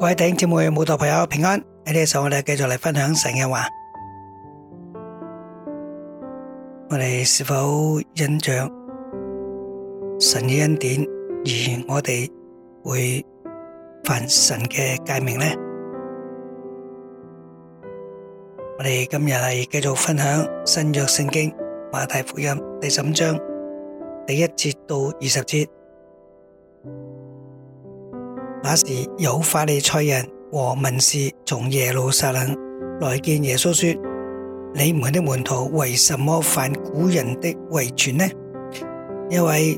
各位弟兄姊妹、信徒朋友平安，喺呢個時候我哋繼續嚟分享神嘅話，我哋是否欣賞神嘅恩典，而我哋會犯神嘅誡命呢？我哋今日係繼續分享新約聖經馬太福音第十五章第一節到二十節。那時有法利賽人和文士從耶路撒冷來見耶穌，說：你們的門徒為什麼犯古人的遺傳呢？因為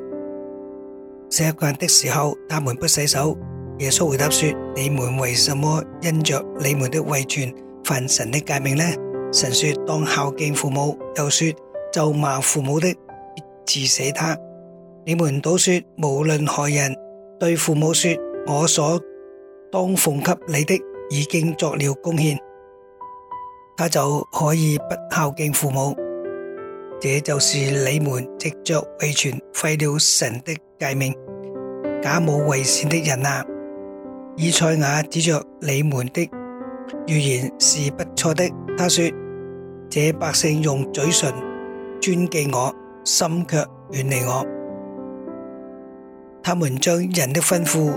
食飯的時候，他們不洗手。耶穌回答說：你們為什麼因着你們的遺傳犯神的誡命呢？神說：當孝敬父母，又說：咒罵父母的，治死他。你們倒說：無論何人對父母說，我所當奉給你的已經作了貢獻，他就可以不孝敬父母。這就是你們藉着遺傳廢了神的誡命，假冒為善的人啊！以賽亞指着你們的預言是不錯的，他說：這百姓用嘴唇尊敬我，心却遠離我。他們將人的吩咐，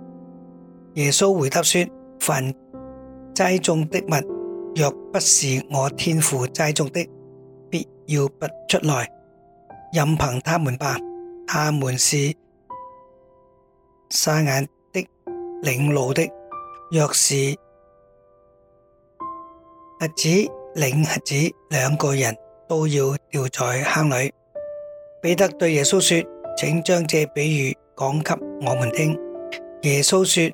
耶穌回答說：凡栽種的物，若不是我天父栽種的，必要拔出來。任憑他們吧，他們是瞎眼的、領路的。若是瞎子領瞎子，兩個人都要掉在坑裏。彼得對耶穌說：請將這比喻講給我們聽。耶穌說。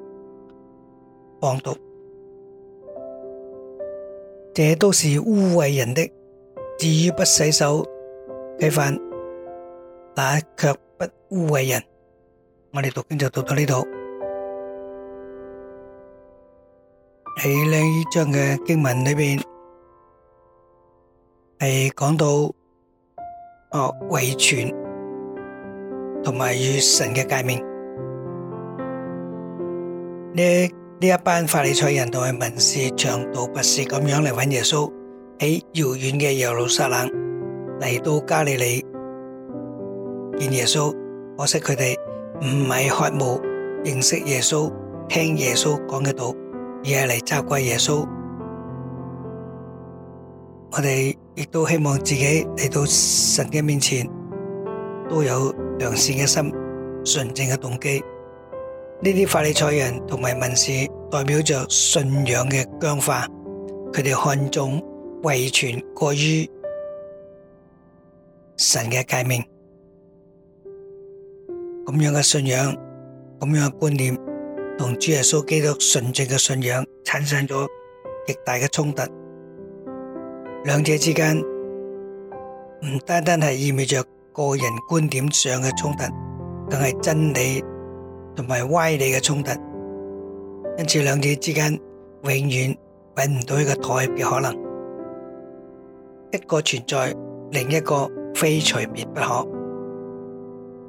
放毒，這都是污穢人的。至於不洗手吃飯，那卻不污穢人。我哋讀經就讀到呢度。喺呢章嘅經文裏邊，係講到哦遺傳同埋與神嘅誡命呢。呢一班法利賽人同埋文士長途跋涉咁樣嚟搵耶穌，喺遙遠嘅耶路撒冷嚟到加利利見耶穌。可惜佢哋唔係渴慕認識耶穌、聽耶穌講嘅道，而係嚟責怪耶穌。我哋亦都希望自己嚟到神嘅面前都有良善嘅心、純正嘅動機。呢啲法利賽人同埋文士代表着信仰嘅僵化，佢哋看重遺傳過於神嘅誡命，咁樣嘅信仰，咁樣嘅觀念，同主耶穌基督純正嘅信仰產生咗極大嘅衝突。兩者之間唔單單係意味著個人觀點上嘅衝突，更係真理。同埋歪理嘅衝突，因此兩者之間永遠搵唔到一個妥協嘅可能。一個存在，另一個非除滅不可。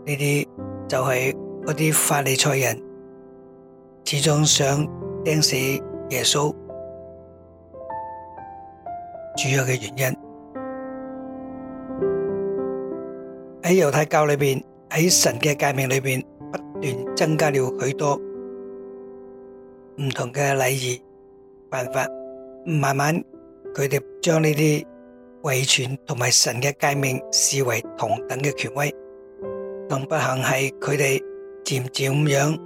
呢啲就係嗰啲法利賽人始終想釘死耶穌主要嘅原因。喺猶太教裏面，喺神嘅誡命裏面。增加了許多唔同嘅禮儀辦法，慢慢佢哋將呢啲遺傳同埋神嘅誡命視為同等嘅權威，更不幸係佢哋漸漸咁樣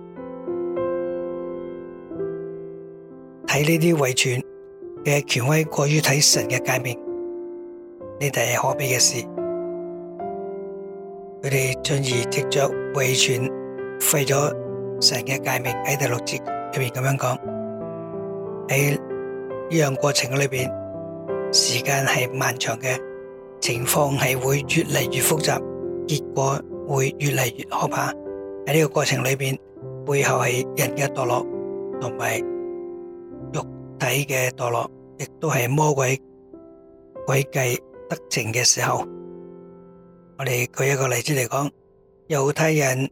睇呢啲遺傳嘅權威過於睇神嘅誡命，呢啲係可悲嘅事。佢哋進而執着遺傳。廢咗成個誡命。喺第六節入面咁樣講，喺呢樣過程嘅裏邊，時間係漫長嘅，情況係會越嚟越複雜，結果會越嚟越可怕。喺呢個過程裏邊，背後係人嘅墮落，同埋肉體嘅墮落，亦都係魔鬼詭計得逞嘅時候。我哋舉一個例子嚟講，猶太人。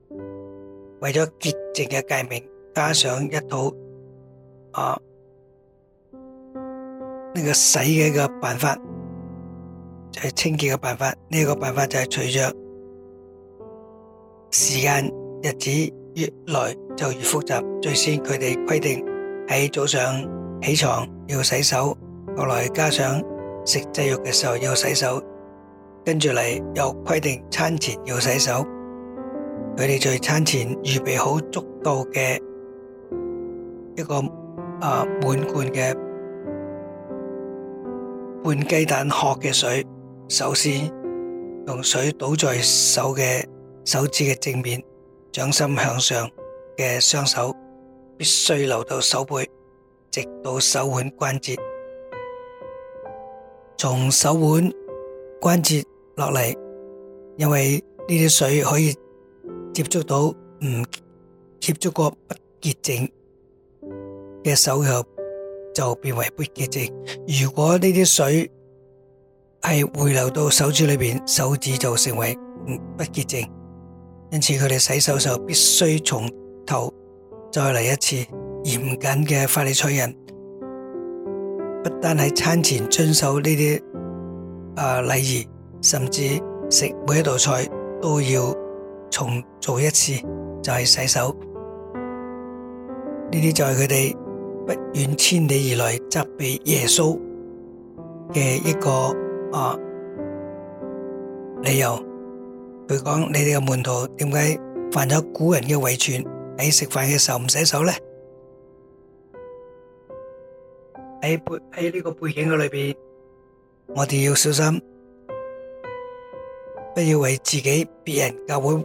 為咗潔淨嘅界面，加上一套啊呢、那個洗嘅個辦法，就係、是、清潔嘅辦法。呢、這個辦法就係隨着時間日子越來就越複雜。最先佢哋規定喺早上起床要洗手，後來加上食制肉嘅時候要洗手，跟住嚟又規定餐前要洗手。佢哋在餐前預備好足夠嘅一個誒滿罐嘅半雞蛋殼嘅水，首先用水倒在手嘅手指嘅正面，掌心向上嘅雙手必須流到手背，直到手腕關節，從手腕關節落嚟，因為呢啲水可以。接觸到唔接觸個不潔淨嘅手後，就變為不潔淨。如果呢啲水係回流到手指裏邊，手指就成為唔不潔淨。因此，佢哋洗手就必須從頭再嚟一次，嚴謹嘅法利賽人不單喺餐前遵守呢啲啊禮儀，甚至食每一道菜都要。重做一次就係洗手，呢啲就係佢哋不遠千里而來責備耶穌嘅一個啊理由。佢講，你哋嘅門徒點解犯咗古人嘅遺傳，喺食飯嘅時候唔洗手咧？喺背喺呢個背景嘅裏邊，我哋要小心，不要為自己、別人、教會，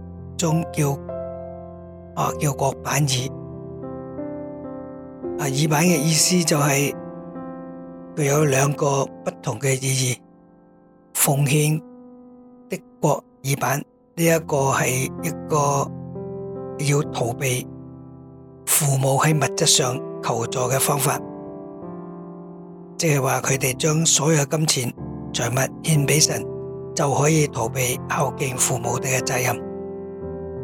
中叫啊叫國板耳啊耳板嘅意思就係佢有兩個不同嘅意義，奉獻的國耳板呢一個係一個要逃避父母喺物質上求助嘅方法，即係話佢哋將所有金錢財物獻俾神，就可以逃避孝敬父母嘅責任。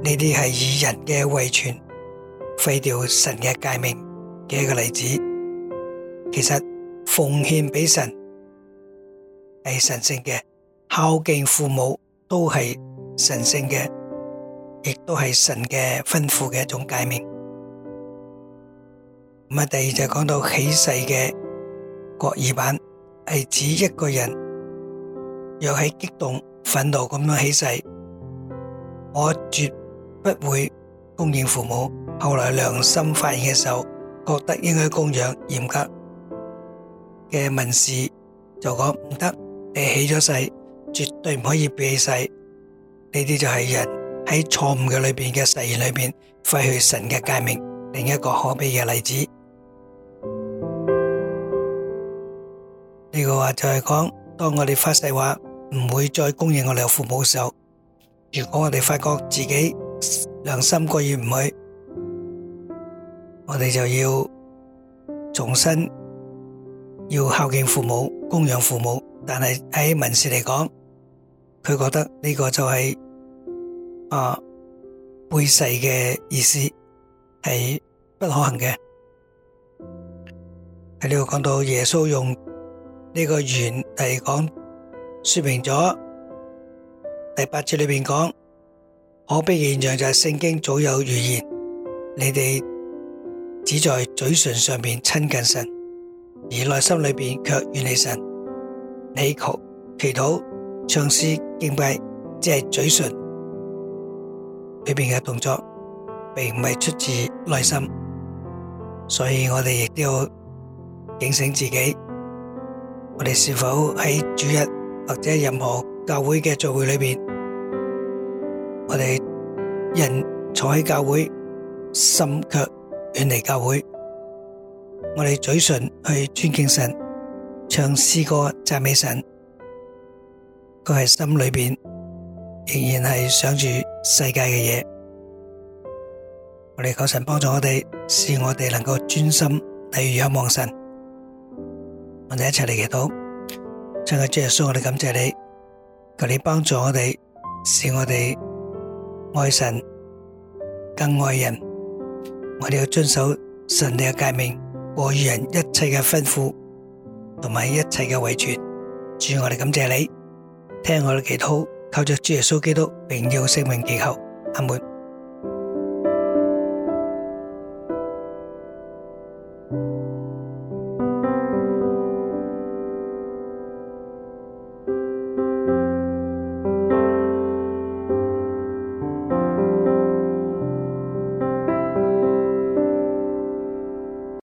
呢啲係以人嘅遺傳廢掉神嘅誡命嘅一個例子。其實奉獻俾神係神聖嘅，孝敬父母都係神聖嘅，亦都係神嘅吩咐嘅一種誡命。咁啊，第二就講到起誓嘅國語版，係指一個人若喺激動、憤怒咁樣起誓，我絕。不會供養父母，後來良心發現嘅時候，覺得應該供養嚴格嘅文士，就講唔得，你起咗誓，絕對唔可以背誓。呢啲就係人喺錯誤嘅裏邊嘅誓言裏邊，廢去神嘅誡命，另一個可悲嘅例子。呢個話就係講，當我哋發誓話唔會再供養我哋嘅父母嘅時候，如果我哋發覺自己，良心過意唔去，我哋就要重新要孝敬父母、供養父母。但係喺文字嚟講，佢覺得呢個就係、是、啊背世嘅意思，係不可行嘅。喺呢度講到耶穌用呢個緣嚟講，說明咗第八節裏面講。可悲嘅現象就係聖經早有預言，你哋只在嘴唇上面親近神，而內心裏面卻遠離神。你求祈禱、唱詩、敬拜，即係嘴唇裏面嘅動作，並唔係出自內心。所以我哋亦都要警醒自己，我哋是否喺主日或者任何教會嘅聚會裏面。」我哋人坐喺教會，心卻遠離教會；我哋嘴唇去尊敬神，唱詩歌讚美神，佢係心裏邊仍然係想住世界嘅嘢。我哋求神幫助我哋，使我哋能夠專心嚟仰望神。我哋一齊嚟祈禱，親愛嘅主耶穌，我哋感謝你，求你幫助我哋，使我哋。愛神更愛人，我哋要遵守神哋嘅誡命，與人一切嘅吩咐同埋一切嘅遺傳。主，我哋感謝你，聽我嘅祈禱，靠着主耶穌基督榮耀聖名祈求，阿門。